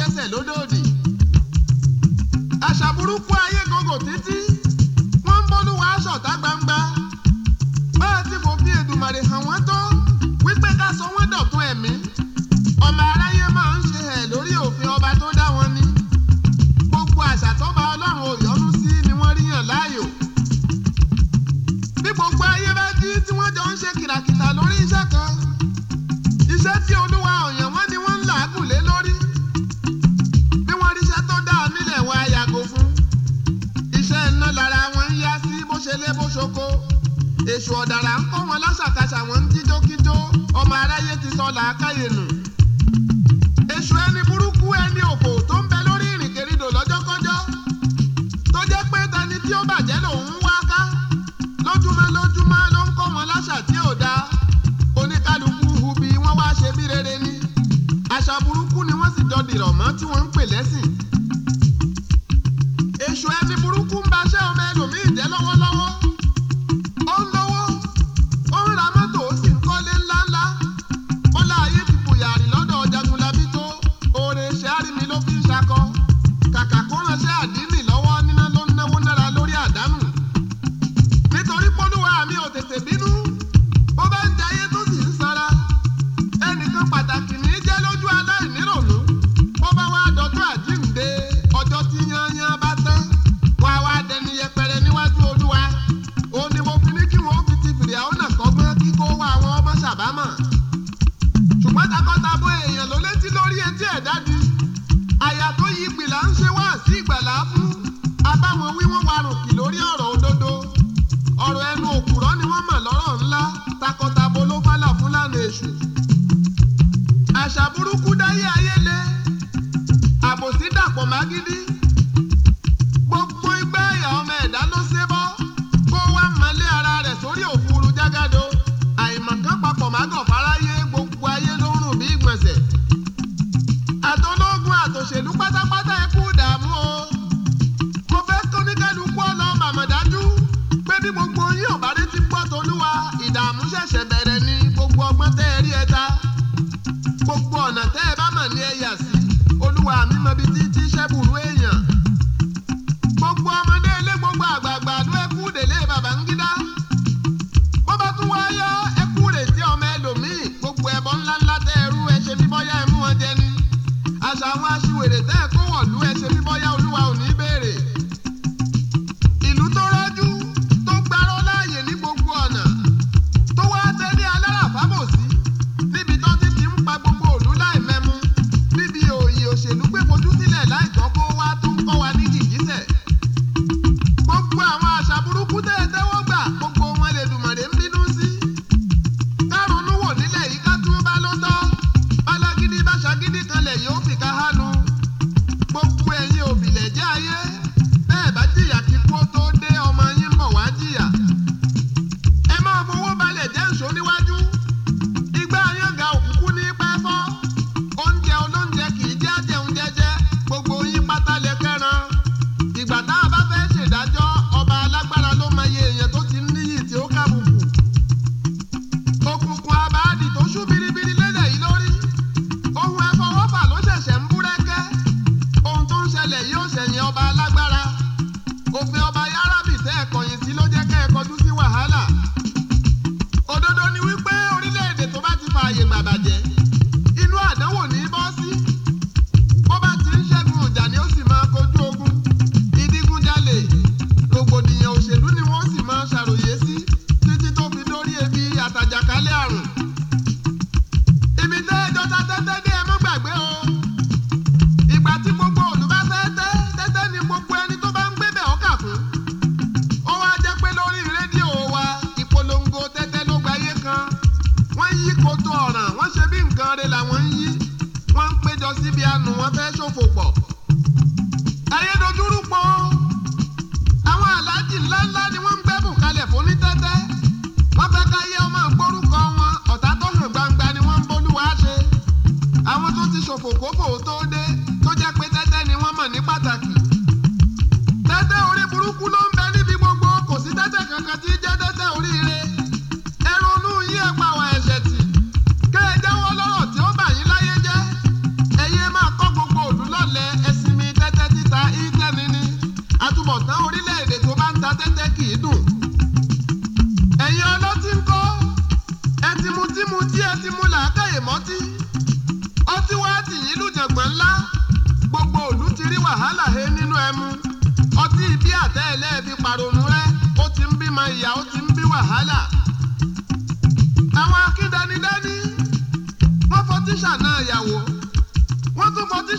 gbẹ́sẹ̀ lódòdì àṣà burúkú ayé gògò títí wọ́n ń bọ́lúwa aṣọ̀tá gbangba bá a ti fòfin Èdùmàrè hàn wọ́n tó wípé ká sọ wọ́n dọ̀tun ẹ̀mí ọmọ aráyé máa ń ṣe ẹ̀ lórí òfin ọba tó dá wọn ni gbogbo àṣà tó bá ọlọ́run òyọ́nú sí ni wọ́n ríyàn láàyò bí gbogbo ayé bá jí tí wọ́n jọ ń ṣe kìràkìtà lórí iṣẹ́ kan iṣẹ́ tí olúwa. kókó èṣù ọ̀dàrà ń kọ́ wọn lásàkàṣà wọn ń jíjókíjó ọmọ aráyé ti sọ làákàyè nù. èṣù ẹni burúkú ẹni òkò tó ń bẹ lórí ìrìnkèrindò lọ́jọ́kọ́jọ́ tó jẹ́ pé tani tí ó bàjẹ́ lòun ń wá ká lójúmọ́ lójúmọ́ ló ń kọ́ wọn láṣà tí ò dáa oníkálukú hubi wọ́n wá ṣe bí rere ni àṣà burúkú ni wọ́n sì dọdìrọ̀ mọ́ tí wọ́n ń pè lẹ́sìn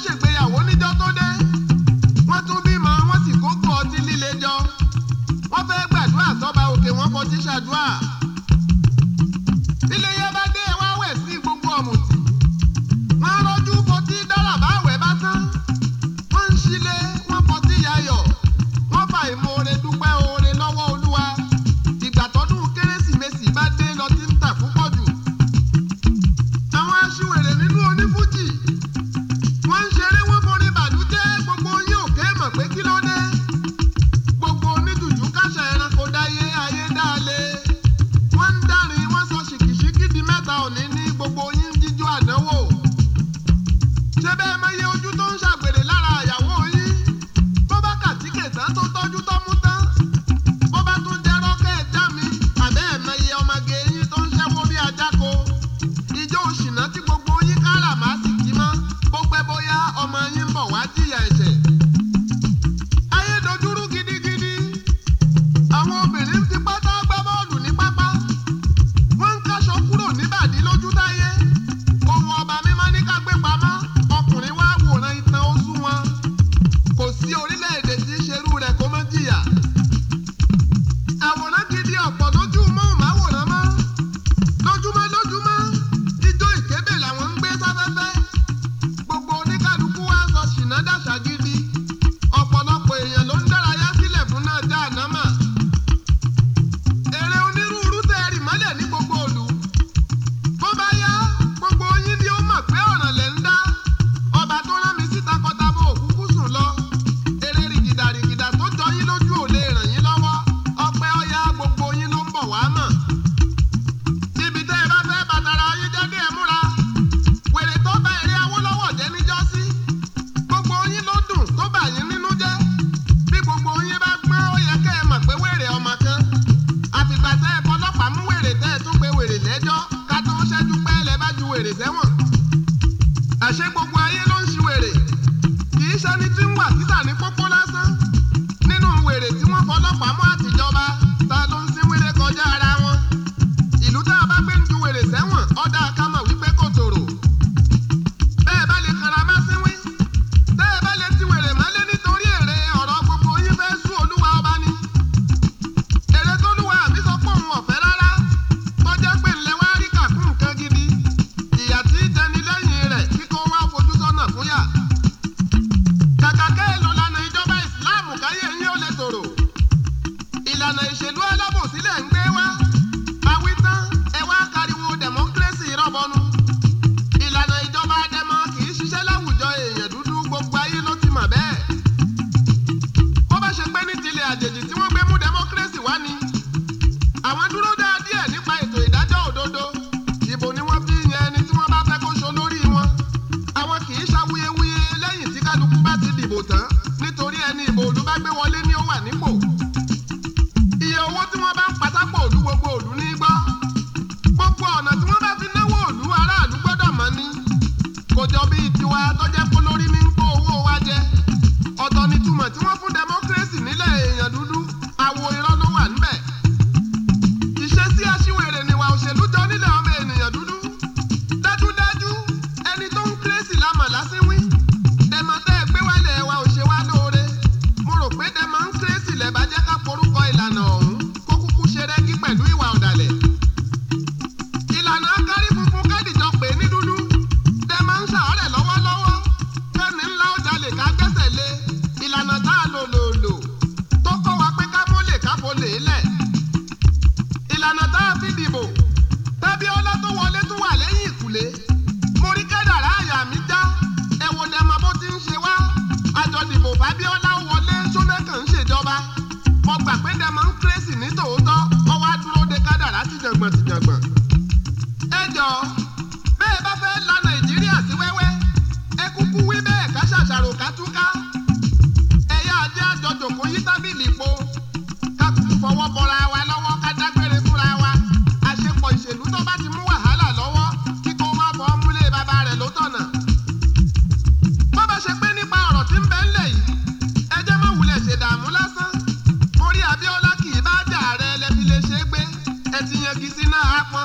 Yeah. I want.